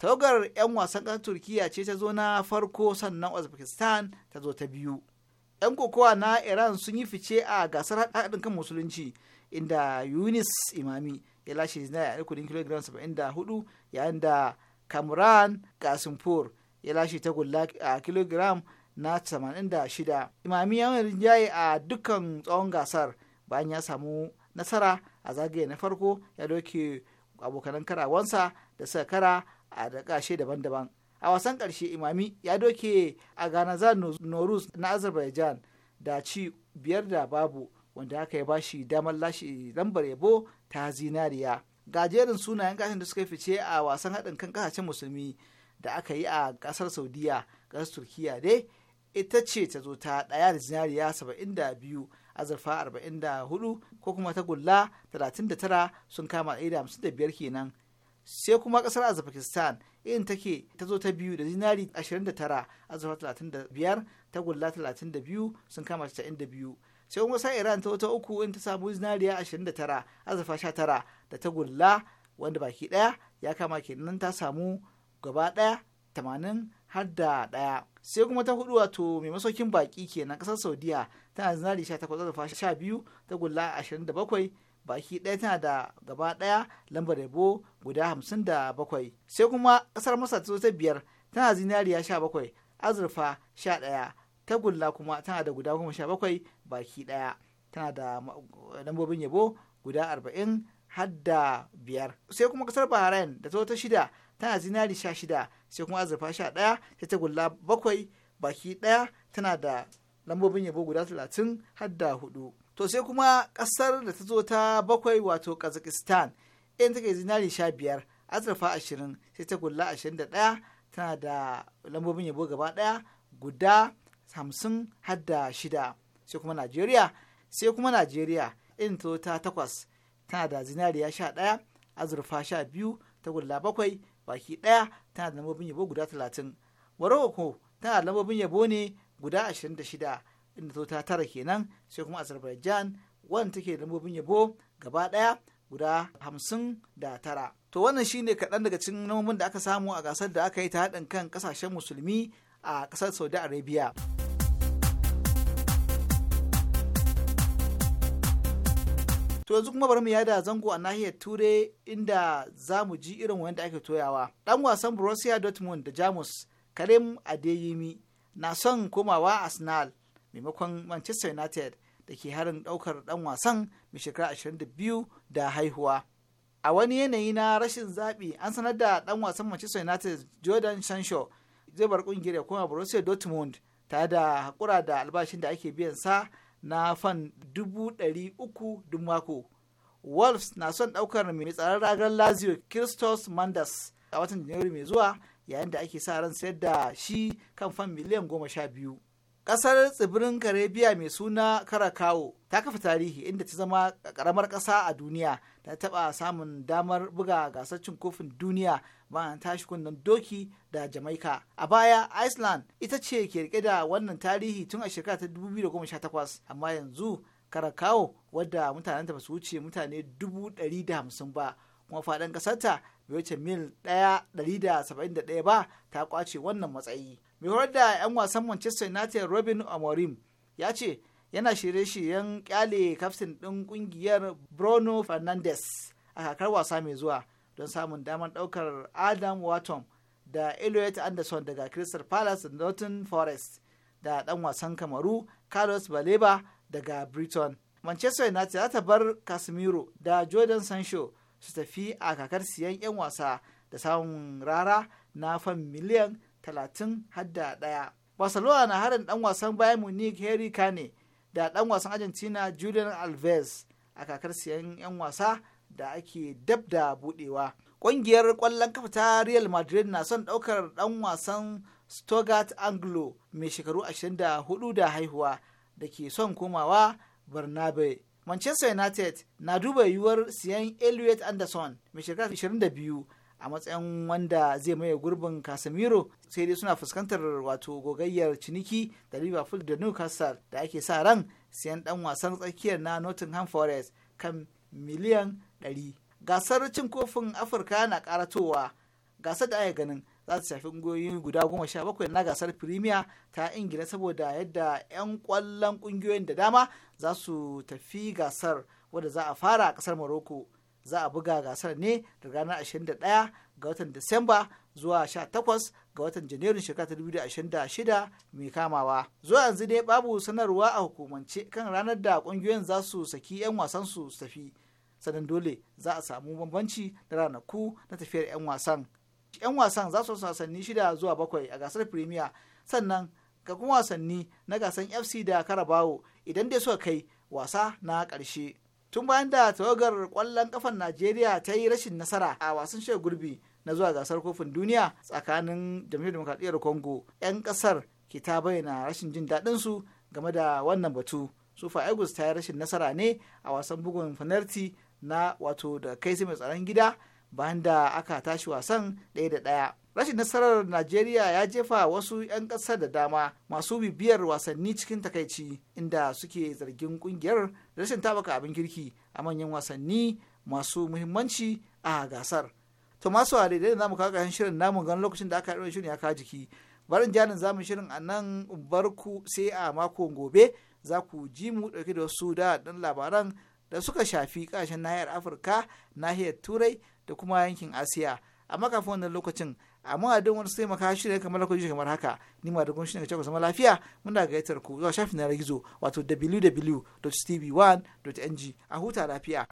tawagar 'yan wasan ƙasar turkiya ce ta zo na farko sannan uzbekistan ta zo ta biyu 'yan kokowa na iran sun yi fice a gasar haɗin kan musulunci inda yunis imami ya lashe zinari a kudin kilogram 74 yayin da kamran kasimfor ya lashe tagulla a kilogram na 86 imami ya rinjaye a dukkan tsawon gasar bayan ya samu nasara a zagaye na farko ya doke abokanan karawansa da suka kara a da kashe daban-daban a wasan ƙarshe imami ya doke a ganazar noruz na azerbaijan da ci biyar da babu wanda aka ya bashi damar lashe lambar yabo ta zinariya gajerin sunayen kashin da suka fice a wasan haɗin kan kasashen musulmi da aka yi a ƙasar saudiya ƙasar turkiya dai ita ce ta zo ta ɗaya da zinariya saba'in da biyu azurfa arba'in da hudu ko kuma ta tagulla 39 sun kama 155 kenan sai kuma kasar Azerbaijan irin take ta zo ta biyu da zinari 29 azurfa 35 tagulla 32 sun kama 92 sai kuma sa Iran ta wata uku in ta samu zinariya 29 azurfa 19 da tagulla wanda baki daya ya kama kenan ta samu gaba daya 80 har da daya sai kuma ta hudu wato mai masaukin baki kenan kasar Saudiya tana zinari 18 azurfa 12 tagulla 27 baki ɗaya tana da gaba ɗaya lambar yabo guda hamsin da bakwai sai kuma ƙasar masar ta ta biyar tana zinariya sha bakwai azurfa sha ɗaya tagulla kuma tana da guda goma sha bakwai baki ɗaya tana da lambobin yabo guda arba'in har da biyar sai kuma ƙasar bahrain da ta ta shida tana zinari sha shida sai kuma azurfa sha ɗaya ta tagulla bakwai baki ɗaya tana da lambobin yabo guda talatin har da hudu to sai kuma ƙasar da ta zo ta bakwai wato kazakistan in take zinari sha biyar azurfa ashirin sai ta gulla ashirin da ɗaya tana da lambobin yabo gaba ɗaya guda hamsin har da shida sai kuma najeriya sai kuma najeriya in ta zo ta takwas tana da zinariya sha ɗaya azurfa sha biyu ta gulla bakwai baki ɗaya tana da lambobin yabo guda talatin waroko tana da lambobin yabo ne guda ashirin da shida inda ta tara kenan sai kuma azerbaijan wanda take da lambobin yabo gaba ɗaya guda hamsin da tara to wannan shine kaɗan daga cikin lambobin da aka samu a gasar da aka yi ta haɗin kan ƙasashen musulmi a ƙasar saudi arabia to yanzu kuma bari mu yada zango a nahiyar ture inda za mu ji irin wani da ake toyawa ɗan wasan borussia dortmund da jamus karim adeyemi na son komawa arsenal maimakon manchester united da ke harin ɗaukar ɗan wasan mai shekara 22 da haihuwa a wani yanayi na rashin zaɓi an sanar da ɗan wasan manchester united jordan sancho zai bar ƙungiyar ya koma borussia dortmund tare da hakura da albashin da ake biyan sa na fan dubu ɗari uku duk mako wolves na son ɗaukar mai tsaron ragar lazio christos mandas a watan janairu mai zuwa yayin da ake sa ran sayar da shi kan fan miliyan goma sha biyu Ƙasar tsibirin Karibiya mai suna Karakawo ta kafa tarihi inda ta zama ƙaramar ƙasa a duniya ta taɓa samun damar buga gasar cin kofin duniya bayan tashi kunnen doki da Jamaika. A baya Iceland ita ce ke rike da wannan tarihi tun a shekara ta 2018 amma yanzu Karakawo wadda mutanen ta basu wuce mutane 150 ba kuma faɗin ƙasarta bai wuce mil 171 ba ta kwace wannan matsayi. mai horar da 'yan wasan manchester united robin amorim ya ce yana shirye-shiryen kyale kaftin ɗin ƙungiyar bruno fernandes a kakar wasa mai zuwa don samun damar ɗaukar adam watom da elliot anderson daga crystal palace da northern forest da ɗan wasan kamaru carlos baleba daga britain manchester united za ta bar casemiro da jordan sancho su tafi a kakar siyan 'yan wasa da samun rara na fam miliyan talatin hadda ɗaya. Barcelona na harin ɗan wasan Bayern Munich Harry Kane da ɗan wasan Argentina Julian Alves a kakar siyan 'yan wasa da ake dab da buɗewa. Ƙungiyar ƙwallon kafa ta Real Madrid na son ɗaukar ɗan wasan Stuttgart Anglo mai shekaru 24 da haihuwa da ke son komawa Bernabe. Manchester United na duba yiwuwar siyan Elliot Anderson mai shekaru 22 a matsayin wanda zai maye gurbin casemiro sai dai suna fuskantar wato gogayyar ciniki da liverpool da newcastle da ake sa ran siyan dan wasan tsakiyar na nottingham forest kan miliyan 100 gasar cin kofin afirka na karatowa gasar da aya ganin za ta shafi ƙungiyoyi guda goma sha bakwai na gasar firimiya ta ingila saboda yadda 'yan ƙwallon ƙungiyoyin da dama za su tafi gasar wadda za a fara a ƙasar morocco za a buga gasar ne da ranar 21 ga watan Disamba zuwa 18 ga watan Janairun shekara 2026 mai kamawa. Zuwa yanzu ne babu sanarwa a hukumance kan ranar da kungiyoyin za su saki 'yan wasan su tafi. Sannan dole za a samu bambanci da ranaku na tafiyar 'yan wasan. 'Yan wasan za su wasanni shida zuwa bakwai a gasar Premier sannan ga kuma wasanni na gasar FC da Karabawo idan dai suka kai wasa na ƙarshe. tun bayan da tawagar kwallon kafan najeriya ta yi rashin nasara a wasan shan gurbi na zuwa gasar kofin duniya tsakanin jamhuriyar demokradiyyar congo 'yan kasar ke ta bayyana rashin jin daɗin su game da wannan batu sufa eagles ta yi rashin nasara ne a wasan bugun fanarti na wato da kai mai tsaron gida bayan da aka tashi wasan ɗaya da ɗaya rashin nasarar najeriya ya jefa wasu 'yan ƙasar da dama masu bibiyar wasanni cikin takaici inda suke zargin ƙungiyar rashin tabaka abin kirki a manyan wasanni masu muhimmanci a gasar tomaso a daidai da namu kawo ƙarshen shirin namu gan lokacin da aka shirin ya kawo jiki barin janin zamu shirin a nan barku sai a mako gobe za ku ji mu ɗauke da wasu da ɗan labaran da suka shafi ƙasashen nahiyar afirka nahiyar turai da kuma yankin asiya amma kafin wannan lokacin a don wani sai maka shirya kamar lakoji kamar haka ni ma da gunshi ga cewa lafiya mun da gaitar ku zuwa shafin na gizo wato www.tv1.ng a huta lafiya.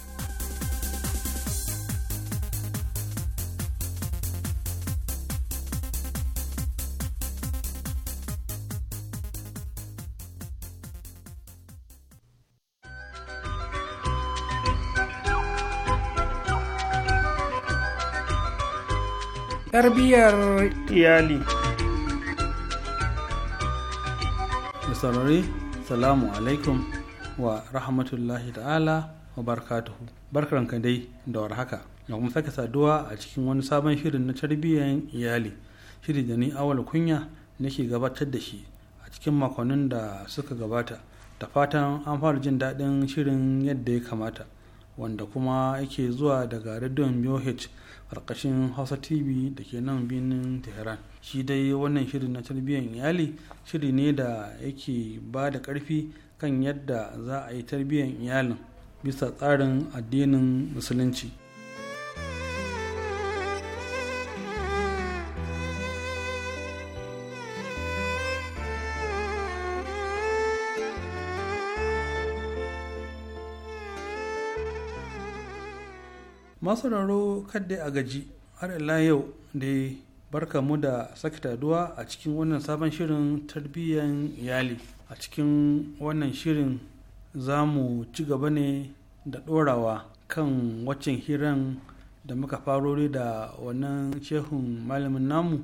tarbiyyar iyali saurari salamu alaikum wa rahmatullahi ta'ala wa barkatuhu barkanka dai da warhaka na kuma sake saduwa a cikin wani sabon shirin na tarbiyyar iyali shiri da ni awal kunya nake gabatar da shi a cikin makonnin da suka gabata da fatan an fara jin daɗin shirin yadda ya kamata wanda kuma yake zuwa daga rediyon BOH karkashin Hausa TV da ke nan birnin Tehran. Shi dai wannan shiri na tarbiyyar iyali shiri ne da yake ba da ƙarfi kan yadda za a yi tarbiyyar iyalin bisa tsarin addinin musulunci. masu raro kadde a gaji har ila yau da barka mu da sake taduwa a cikin wannan sabon shirin tarbiyyar iyali a cikin wannan shirin za mu ci gaba ne da ɗorawa kan waccan hiran da muka farori da wannan shehun malamin namu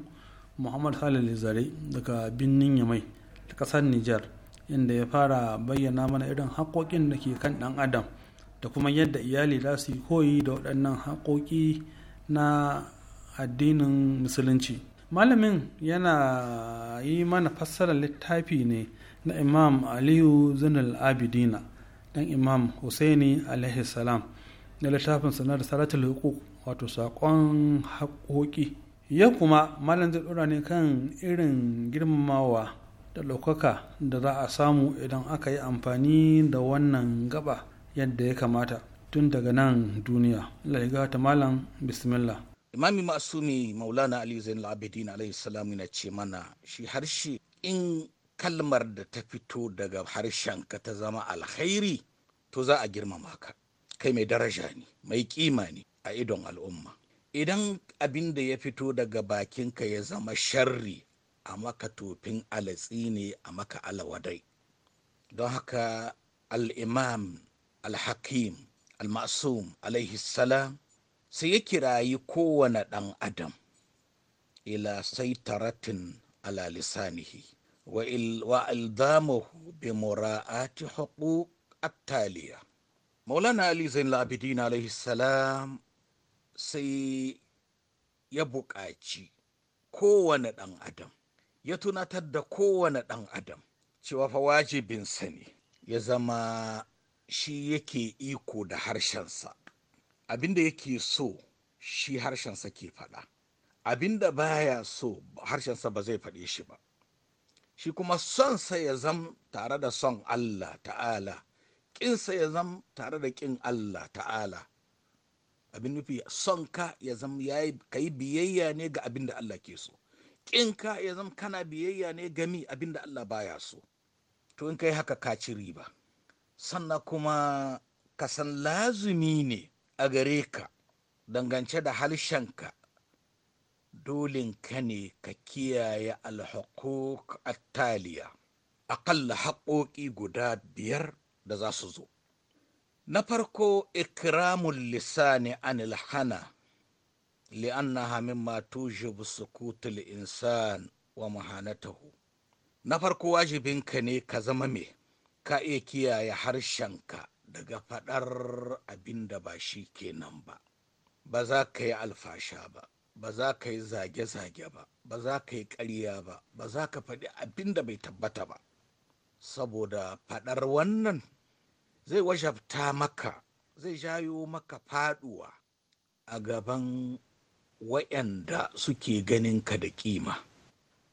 muhammad halil zare daga birnin yamai ta ƙasar nijar inda ya fara bayyana mana irin haƙoƙin da ke kan ɗan adam da kuma yadda iyali za su yi koyi da waɗannan haƙoƙi na addinin musulunci malamin yana yi mana fassarar littafi ne na imam aliyu zunal abidina dan imam husaini alaihi na littafin sanar da salatul hukuk wato saƙon haƙoƙi yau kuma malam zai ɗora ne kan irin girmamawa da ɗaukaka da za a samu idan aka yi amfani da wannan gaba yadda ya kamata tun daga nan duniya laiga ta malam bismillah imami masumi maulana ali zain abidin alayhi salamu na ce mana shi harshe in kalmar da ta fito daga harshen ka ta zama alkhairi to za a girmama ka kai mai daraja ne mai kima ne a idon al'umma idan abin da ya fito daga bakin ka ya zama sharri a maka tofin alatsi ne a maka alawadai don haka al'imam alhakim almasum alaihi salam sai ya kirayi kowane ɗan adam ila saitaratin ala lisanihi wa aldamahu bi mura'ati huquq attaliya maulana ali zain labidin alaihi salam sai ya buƙaci kowane ɗan adam ya tunatar da kowane ɗan adam cewa fa wajibinsa ne ya zama shi yake iko da harshensa abinda yake so shi harshensa ke faɗa abinda baya so harshensa ba zai faɗe shi ba shi kuma sonsa ya zam tare da son Allah ta'ala ƙinsa ya zam tare da ƙin Allah ta'ala abin nufi son ka ya zam ka yi biyayya ne ga abin da Allah ke so ka ya zam kana biyayya ne gami abin da Allah baya so to in kai haka ka ci riba sannan kuma ka san lazumi ne a gare ka dangance da halshenka dolinka ne ka kiyaye alhukuk attaliya aƙalla haƙoƙi guda biyar da za su zo na farko ikramun lisani anil hana li'annaha matu tujibu sukutul insan wa mahanatahu na farko wajibinka ne ka zama mai. ka iya kiyaye harshenka daga faɗar abin da ba shi kenan ba ba za ka yi alfasha ba ba za ka yi zage-zage ba ba za ka yi ƙarya ba ba za ka faɗi abin da bai tabbata ba saboda faɗar wannan zai wajabta maka zai jayo maka faɗuwa a gaban wa'yanda suke ganin ka da kima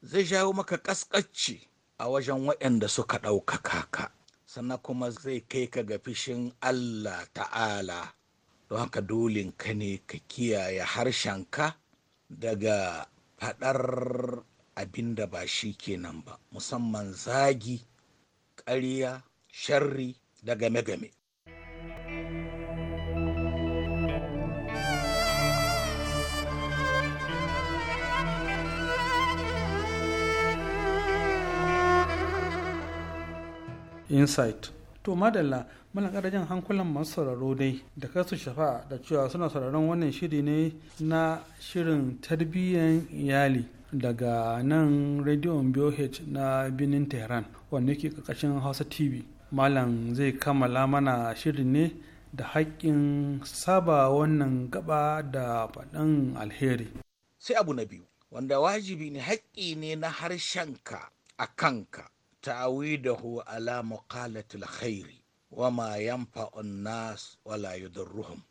zai jayo maka ƙasƙacci a wajen wa'yanda suka ɗaukaka ka sannan kuma zai kai ka ga fishin Allah ta'ala don haka dolin ka ne ka kiyaye harshenka daga faɗar abin da ba shi kenan ba musamman zagi ƙarya sharri daga game-game insight to madalla muna ƙara hankulan masu sauraro dai da su shafa da cewa suna sauraron wannan shiri ne na shirin tarbiyyar iyali daga nan rediyon BOH na birnin tehran wanda ke ƙarƙashin hausa tv malam zai kammala mana shirin ne da haƙƙin saba wannan gaba da faɗin alheri sai abu na biyu wanda wajibi ne haƙƙi ne na harshenka a kanka ta'awidahu ala muqalatil khairi wa ma yanfa'un nas wala yudurruhum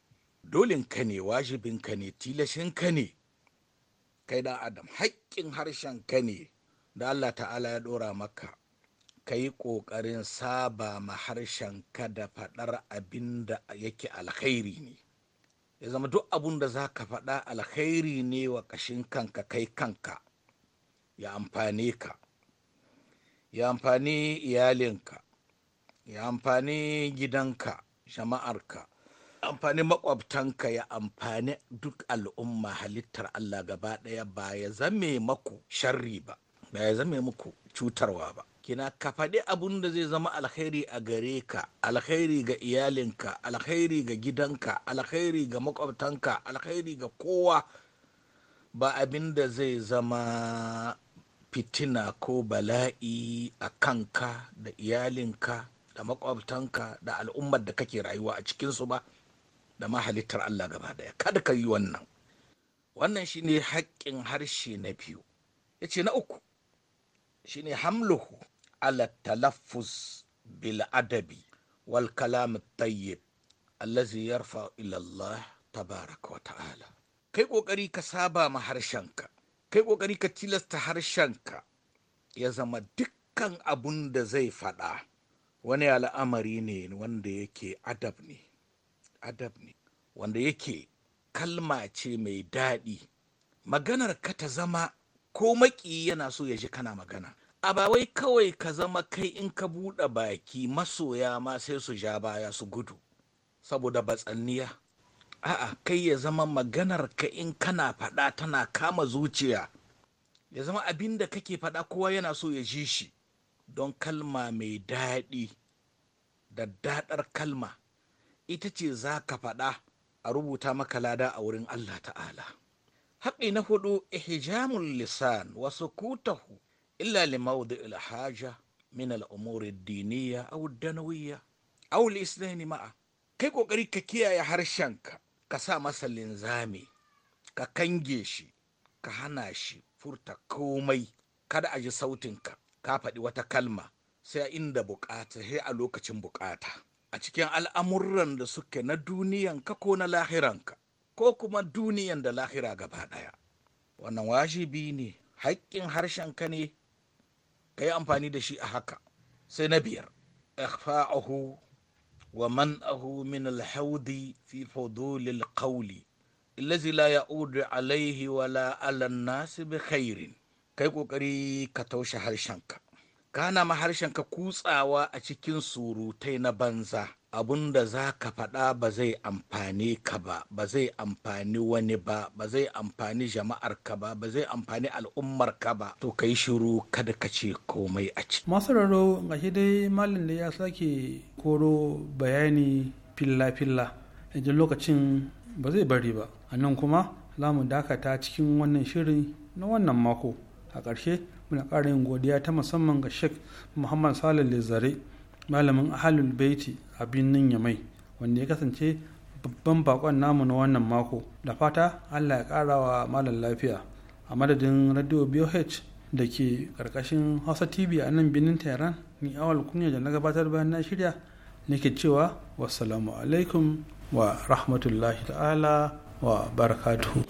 dolin ka ne wajibin ka ne tilashin ka ne kai da adam haƙƙin harshen ka ne da Allah ta'ala ya ɗora maka Kai ƙoƙarin saba ma harshen ka da faɗar abinda yake alkhairi ne ya zama duk abun da za ka faɗa alkhairi ne wa ƙashin kanka kai kanka ya amfane ka ya amfani iyalinka ya amfani gidanka jama'arka amfani makwabtanka ya amfani duk al'umma halittar Allah gaba ɗaya ba ya zame maku sharri ba ba ya zame muku cutarwa ba kina ka faɗi abun da zai zama alkhairi a gare ka alkhairi ga iyalinka alkhairi ga gidanka alkhairi ga makwabtanka alkhairi ga kowa ba abin da zai zama fitina ko bala'i a kanka da iyalinka da makwabtanka da al'ummar da kake rayuwa a cikinsu ba da ma Allah gaba daya kada ka yi wannan wannan shine haƙƙin harshe na biyu ya ce na uku shine hamluhu ala talaffuz bil adabi wal kalam tayyib allazi yarfa ila Allah tabaraka wa ta'ala kai kokari ka saba ma harshenka kai kokari ka tilasta harshenka ya zama dukkan abun da zai faɗa wani al'amari ne wanda yake adab ne adab ne wanda yake kalma ce mai daɗi maganar ka ta zama ko maƙiyi yana so ya ji kana magana a ba wai kawai ka zama kai in ka buɗe baki masoya ma sai su ja baya su gudu saboda batsanniya a'a kai ya zama maganar ka in kana faɗa tana kama zuciya ya zama abin da kake faɗa kowa yana so ya ji shi don kalma mai daɗi da daɗar kalma ita ce za ka faɗa a rubuta maka lada a wurin Allah ta'ala haƙi na hudu ihjamul lisan wa sukutahu illa li mawdi'il haja min al-umuri ad-diniyya aw ad-danawiyya aw al ma'a kai kokari ka kiyaye harshenka ka sa masa linzami ka kange shi ka hana shi furta komai kada a ji sautin ka ka faɗi wata kalma sai inda bukata sai a lokacin bukata a cikin al'amuran da suke na duniyan ka ko na lahiranka ko kuma duniyan da lahira gaba ɗaya wannan wajibi ne haƙƙin ka ne ka yi amfani da shi a haka sai na biyar ikhfa'ahu ومنأه من الحوض في فضول القول الذي لا يعود عليه ولا على الناس بخير kai kokari ka taushe harshenka ka ma harshenka kutsawa a cikin surutai na banza abun da za ka faɗa ba zai amfani ka ba ba zai amfani wani ba ba zai amfani jama'ar ka ba ba zai amfani al'ummar ka ba to ka yi shiru kada ka ce komai a ciki masu raro shi dai malin da ya sake koro bayani filla-filla idan lokacin ba zai bari ba a nan kuma za mu dakata cikin wannan shirin na wannan mako a ƙarshe muna ƙara yin godiya ta musamman ga Sheik muhammad salih lezare malamin ahalul baiti a birnin mai wanda ya kasance babban bakon namu na wannan mako da fata allah ya kara wa malam lafiya a madadin radio boh da ke karkashin hausa tv a nan birnin tehran ni awal kunya da na gabatar bayan na shirya nake cewa wassalamu alaikum wa rahmatullahi ta'ala wa barakatuhu